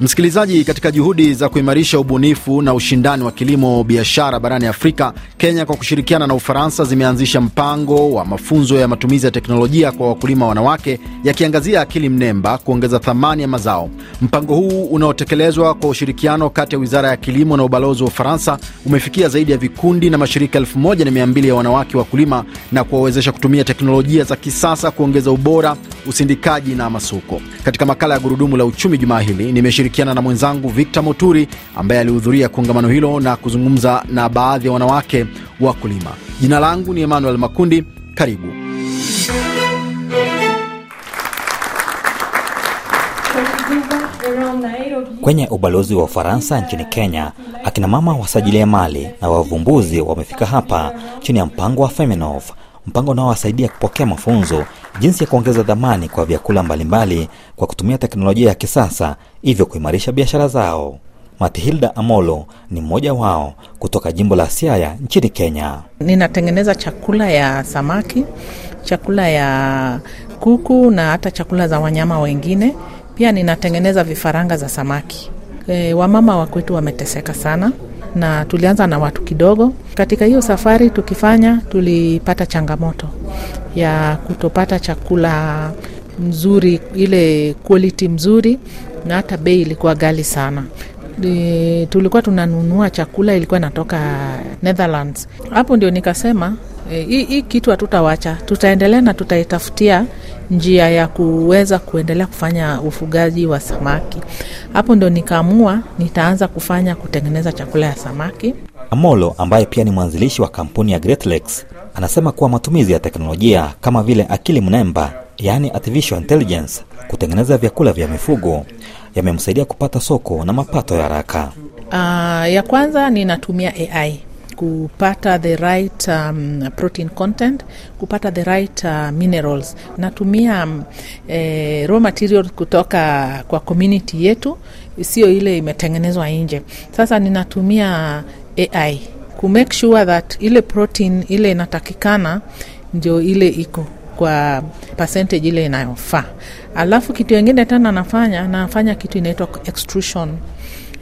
Msikilizaji, katika juhudi za kuimarisha ubunifu na ushindani wa kilimo biashara barani Afrika, Kenya kwa kushirikiana na Ufaransa zimeanzisha mpango wa mafunzo ya matumizi ya teknolojia kwa wakulima wanawake, yakiangazia akili mnemba kuongeza thamani ya mazao. Mpango huu unaotekelezwa kwa ushirikiano kati ya wizara ya kilimo na ubalozi wa Ufaransa umefikia zaidi ya vikundi na mashirika 12 ya wanawake wakulima na kuwawezesha kutumia teknolojia za kisasa kuongeza ubora usindikaji na masoko. Katika makala ya gurudumu la uchumi jumaa hili nimeshirikiana na mwenzangu Victor Moturi ambaye alihudhuria kongamano hilo na kuzungumza na baadhi ya wanawake wakulima. Jina langu ni Emmanuel Makundi, karibu. Kwenye ubalozi wa Ufaransa nchini Kenya, akinamama wasajilia mali na wavumbuzi wamefika hapa chini ya mpango wa Feminov, mpango unaowasaidia kupokea mafunzo jinsi ya kuongeza dhamani kwa vyakula mbalimbali kwa kutumia teknolojia ya kisasa, hivyo kuimarisha biashara zao. matihilda Amolo ni mmoja wao kutoka jimbo la Siaya nchini Kenya. Ninatengeneza chakula ya samaki, chakula ya kuku na hata chakula za wanyama wengine. Pia ninatengeneza vifaranga za samaki. E, wamama wa kwetu wameteseka sana na tulianza na watu kidogo. Katika hiyo safari tukifanya, tulipata changamoto ya kutopata chakula mzuri, ile quality mzuri, na hata bei ilikuwa gali sana. E, tulikuwa tunanunua chakula ilikuwa inatoka Netherlands. Hapo ndio nikasema eh, hii e, kitu hatutawacha, tutaendelea na tutaitafutia njia ya kuweza kuendelea kufanya ufugaji wa samaki. Hapo ndio nikaamua nitaanza kufanya kutengeneza chakula ya samaki. Amolo ambaye pia ni mwanzilishi wa kampuni ya Great Lakes anasema kuwa matumizi ya teknolojia kama vile akili mnemba, yaani artificial intelligence, kutengeneza vyakula vya mifugo yamemsaidia kupata soko na mapato ya haraka. Uh, ya kwanza ninatumia AI kupata the right um, protein content, kupata the right uh, minerals. Natumia um, eh, raw material kutoka kwa community yetu, sio ile imetengenezwa nje. Sasa ninatumia AI ku make sure that ile protein ile inatakikana ndio ile iko kwa percentage ile inayofaa. Alafu kitu yengine tena nafanya, nafanya kitu inaitwa extrusion.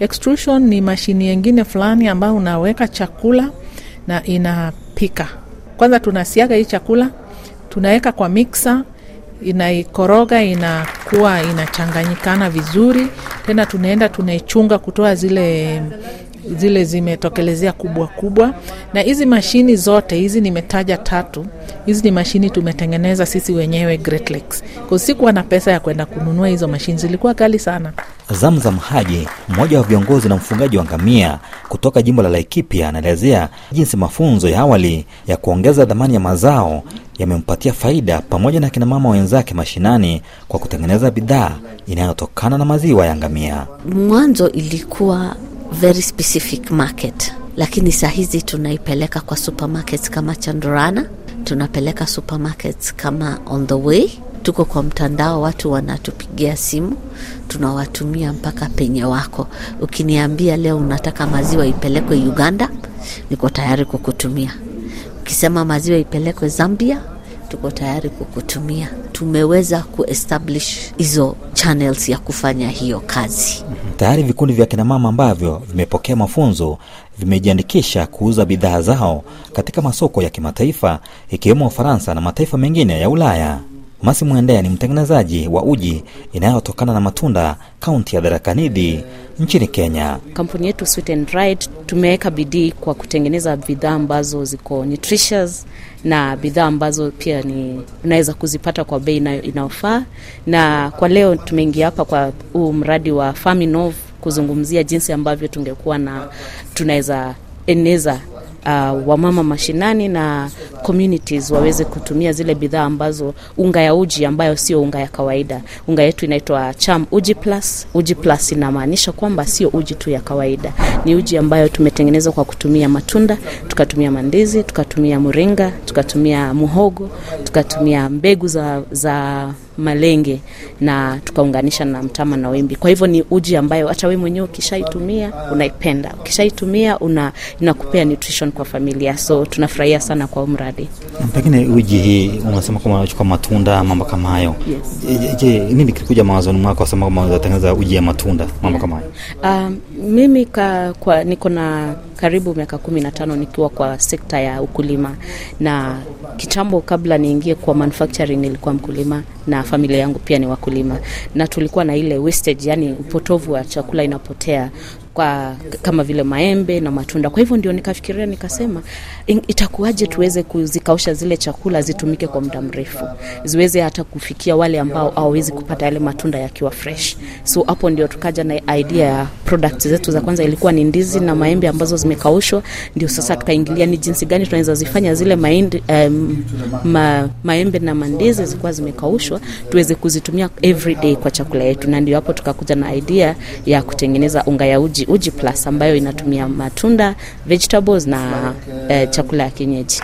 Extrusion ni mashini yengine fulani ambayo unaweka chakula na inapika. Kwanza tunasiaga hii chakula, tunaweka kwa mixer, inaikoroga inakuwa inachanganyikana vizuri, tena tunaenda tunaichunga kutoa zile zile zimetokelezea kubwa kubwa, na hizi mashini zote hizi nimetaja tatu, hizi ni mashini tumetengeneza sisi wenyewe Greatlex, kwa sikuwa na pesa ya kwenda kununua hizo mashini, zilikuwa kali sana. Zamzam Haji, mmoja wa viongozi na mfungaji wa ngamia kutoka jimbo la Laikipia, anaelezea jinsi mafunzo ya awali ya kuongeza dhamani ya mazao yamempatia faida pamoja na kinamama wenzake mashinani kwa kutengeneza bidhaa inayotokana na maziwa ya ngamia. Mwanzo ilikuwa very specific market, lakini saa hizi tunaipeleka kwa supermarkets kama chandorana tunapeleka supermarkets kama On the Way. Tuko kwa mtandao, watu wanatupigia simu, tunawatumia mpaka penye wako. Ukiniambia leo unataka maziwa ipelekwe Uganda, niko tayari kukutumia. Ukisema maziwa ipelekwe Zambia, tuko tayari kukutumia. Tumeweza kuestablish hizo channels ya kufanya hiyo kazi. Mhm. Tayari vikundi vya kinamama ambavyo vimepokea mafunzo vimejiandikisha kuuza bidhaa zao katika masoko ya kimataifa ikiwemo Ufaransa na mataifa mengine ya Ulaya. Masi Mwendea ni mtengenezaji wa uji inayotokana na matunda kaunti ya dharakanidi nchini Kenya. Kampuni yetu Sweet and Right tumeweka bidii kwa kutengeneza bidhaa ambazo ziko nutritious na bidhaa ambazo pia ni unaweza kuzipata kwa bei inayofaa, na kwa leo tumeingia hapa kwa huu mradi wa farminov kuzungumzia jinsi ambavyo tungekuwa na tunaweza eneza uh, wamama mashinani na communities waweze kutumia zile bidhaa ambazo unga ya uji ambayo sio unga ya kawaida. Unga yetu inaitwa Cham Uji Plus. Uji Plus inamaanisha kwamba sio uji tu ya kawaida, ni uji ambayo tumetengenezwa kwa kutumia matunda, tukatumia mandizi, tukatumia muringa, tukatumia muhogo, tukatumia mbegu za, za malenge na tukaunganisha na mtama na wimbi. Kwa hivyo ni uji ambayo hata wewe mwenyewe ukishaitumia unaipenda, ukishaitumia una inakupea nutrition kwa familia, so tunafurahia sana kwa mradi. Pengine uji hii unasema kama unachukua matunda, mambo kama hayo. Yes. Je, nini kilikuja mawazoni mwako kama unatengeneza uji ya matunda, mambo kama hayo? Um, mimi ka, kwa niko na karibu miaka kumi na tano nikiwa kwa sekta ya ukulima, na kitambo kabla niingie kwa manufacturing nilikuwa mkulima na familia yangu pia ni wakulima, na tulikuwa na ile wastage, yani upotovu wa chakula inapotea kwa kama vile maembe na matunda. Kwa hivyo ndio nikafikiria nikasema, itakuwaje tuweze kuzikausha zile chakula zitumike kwa muda mrefu, ziweze hata kufikia wale ambao hawawezi kupata yale matunda yakiwa fresh. So hapo ndio tukaja na idea ya product zetu. Za kwanza ilikuwa ni ndizi na maembe ambazo zimekaushwa, ndio sasa tukaingilia ni jinsi gani tunaweza zifanya zile maindi, um, ma, maembe na mandizi zikuwa zimekaushwa tuweze kuzitumia everyday kwa chakula yetu, na ndio hapo tukakuja na idea ya kutengeneza unga ya uji uji, uji plus ambayo inatumia matunda vegetables na eh, chakula ya kienyeji.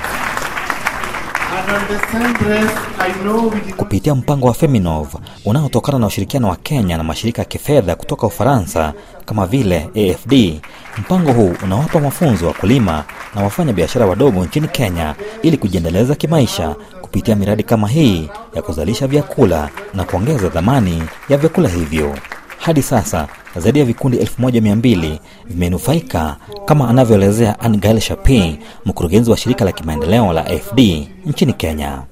Kupitia mpango wa Feminov unaotokana na ushirikiano wa Kenya na mashirika ya kifedha kutoka Ufaransa kama vile AFD, mpango huu unawapa mafunzo wa kulima na wafanya biashara wadogo nchini Kenya ili kujiendeleza kimaisha kupitia miradi kama hii ya kuzalisha vyakula na kuongeza dhamani ya vyakula hivyo. Hadi sasa zaidi ya vikundi 1200 vimenufaika kama anavyoelezea Angael Shapi, mkurugenzi wa shirika la kimaendeleo la fd nchini Kenya.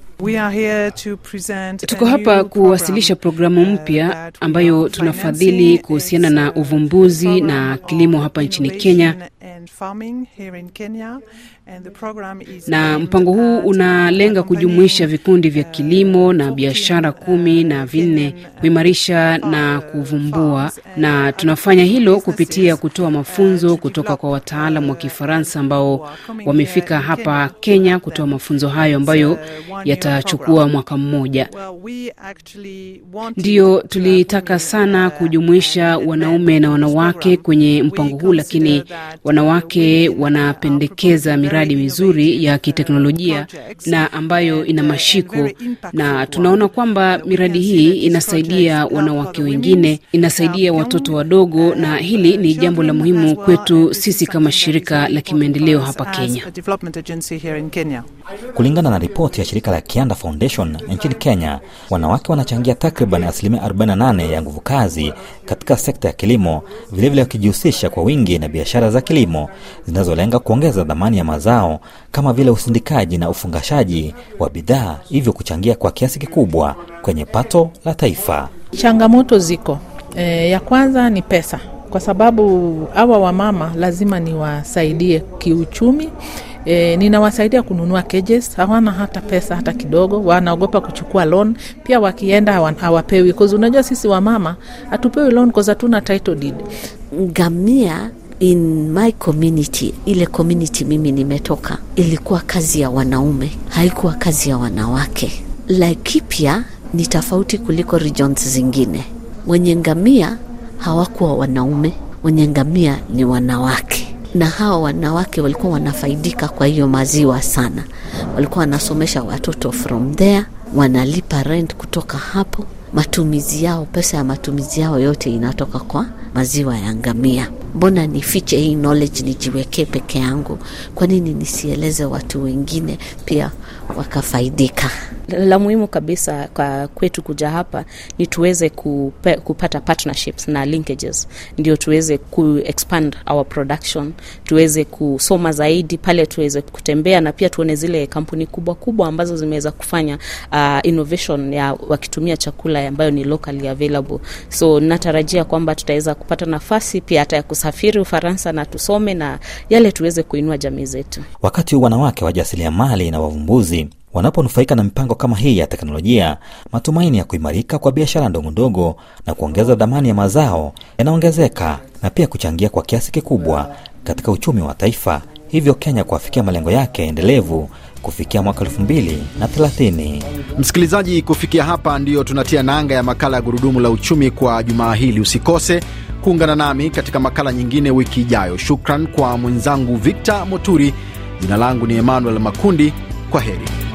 Tuko hapa kuwasilisha programu uh, mpya ambayo tunafadhili kuhusiana na uh, uvumbuzi na kilimo hapa nchini Kenya. na mpango huu unalenga kujumuisha uh, vikundi vya kilimo na biashara kumi na vinne kuimarisha na kuvumbua, na tunafanya hilo kupitia kutoa mafunzo kutoka kwa wataalam wa Kifaransa ambao wamefika hapa Kenya kutoa mafunzo hayo ambayo yata itachukua mwaka mmoja. Ndiyo, tulitaka sana uh, kujumuisha wanaume na wanawake kwenye mpango huu, lakini uh, wanawake wanapendekeza miradi mizuri ya uh, kiteknolojia na ambayo ina mashiko, na tunaona kwamba miradi hii inasaidia wanawake wengine, inasaidia watoto wadogo, na hili ni jambo la muhimu kwetu sisi kama shirika la kimaendeleo hapa Kenya. Kulingana na ripoti ya shirika la Kenya Kianda Foundation nchini Kenya, wanawake wanachangia takriban asilimia 48 ya nguvu kazi katika sekta ya kilimo, vilevile wakijihusisha kwa wingi na biashara za kilimo zinazolenga kuongeza dhamani ya mazao kama vile usindikaji na ufungashaji wa bidhaa, hivyo kuchangia kwa kiasi kikubwa kwenye pato la taifa. Changamoto ziko e, ya kwanza ni pesa, kwa sababu hawa wamama lazima niwasaidie kiuchumi E, ninawasaidia kununua cages. Hawana hata pesa hata kidogo, wanaogopa kuchukua loan. Pia wakienda hawapewi, cause unajua sisi wamama hatupewi loan cause hatuna title deed. Ngamia in my community, ile community mimi nimetoka, ilikuwa kazi ya wanaume, haikuwa kazi ya wanawake. Laikipia ni tofauti kuliko regions zingine. Wenye ngamia hawakuwa wanaume, wenye ngamia ni wanawake na hawa wanawake walikuwa wanafaidika kwa hiyo maziwa sana, walikuwa wanasomesha watoto from there, wanalipa rent kutoka hapo, matumizi yao, pesa ya matumizi yao yote inatoka kwa maziwa ya ngamia mbona nifiche hii knowledge nijiwekee peke yangu? Kwa nini nisieleze watu wengine pia wakafaidika? La muhimu kabisa kwa kwetu kuja hapa ni tuweze kupata partnerships na linkages, ndio tuweze kuexpand our production, tuweze kusoma zaidi pale, tuweze kutembea na pia tuone zile kampuni kubwa kubwa ambazo zimeweza kufanya uh, innovation ya wakitumia chakula ambayo ni locally available. So natarajia kwamba tutaweza kupata nafasi pia hata ya tusafiri Ufaransa na tusome na yale tuweze kuinua jamii zetu. Wakati wanawake wajasiriamali na wavumbuzi wanaponufaika na mipango kama hii ya teknolojia, matumaini ya kuimarika kwa biashara ndogondogo na kuongeza dhamani ya mazao yanaongezeka na pia kuchangia kwa kiasi kikubwa katika uchumi wa taifa hivyo Kenya kuafikia malengo yake endelevu kufikia mwaka elfu mbili na thelathini. Msikilizaji, kufikia hapa ndiyo tunatia nanga ya makala ya Gurudumu la Uchumi kwa jumaa hili. Usikose kuungana nami katika makala nyingine wiki ijayo. Shukran kwa mwenzangu Victor Moturi. Jina langu ni Emmanuel Makundi. Kwa heri.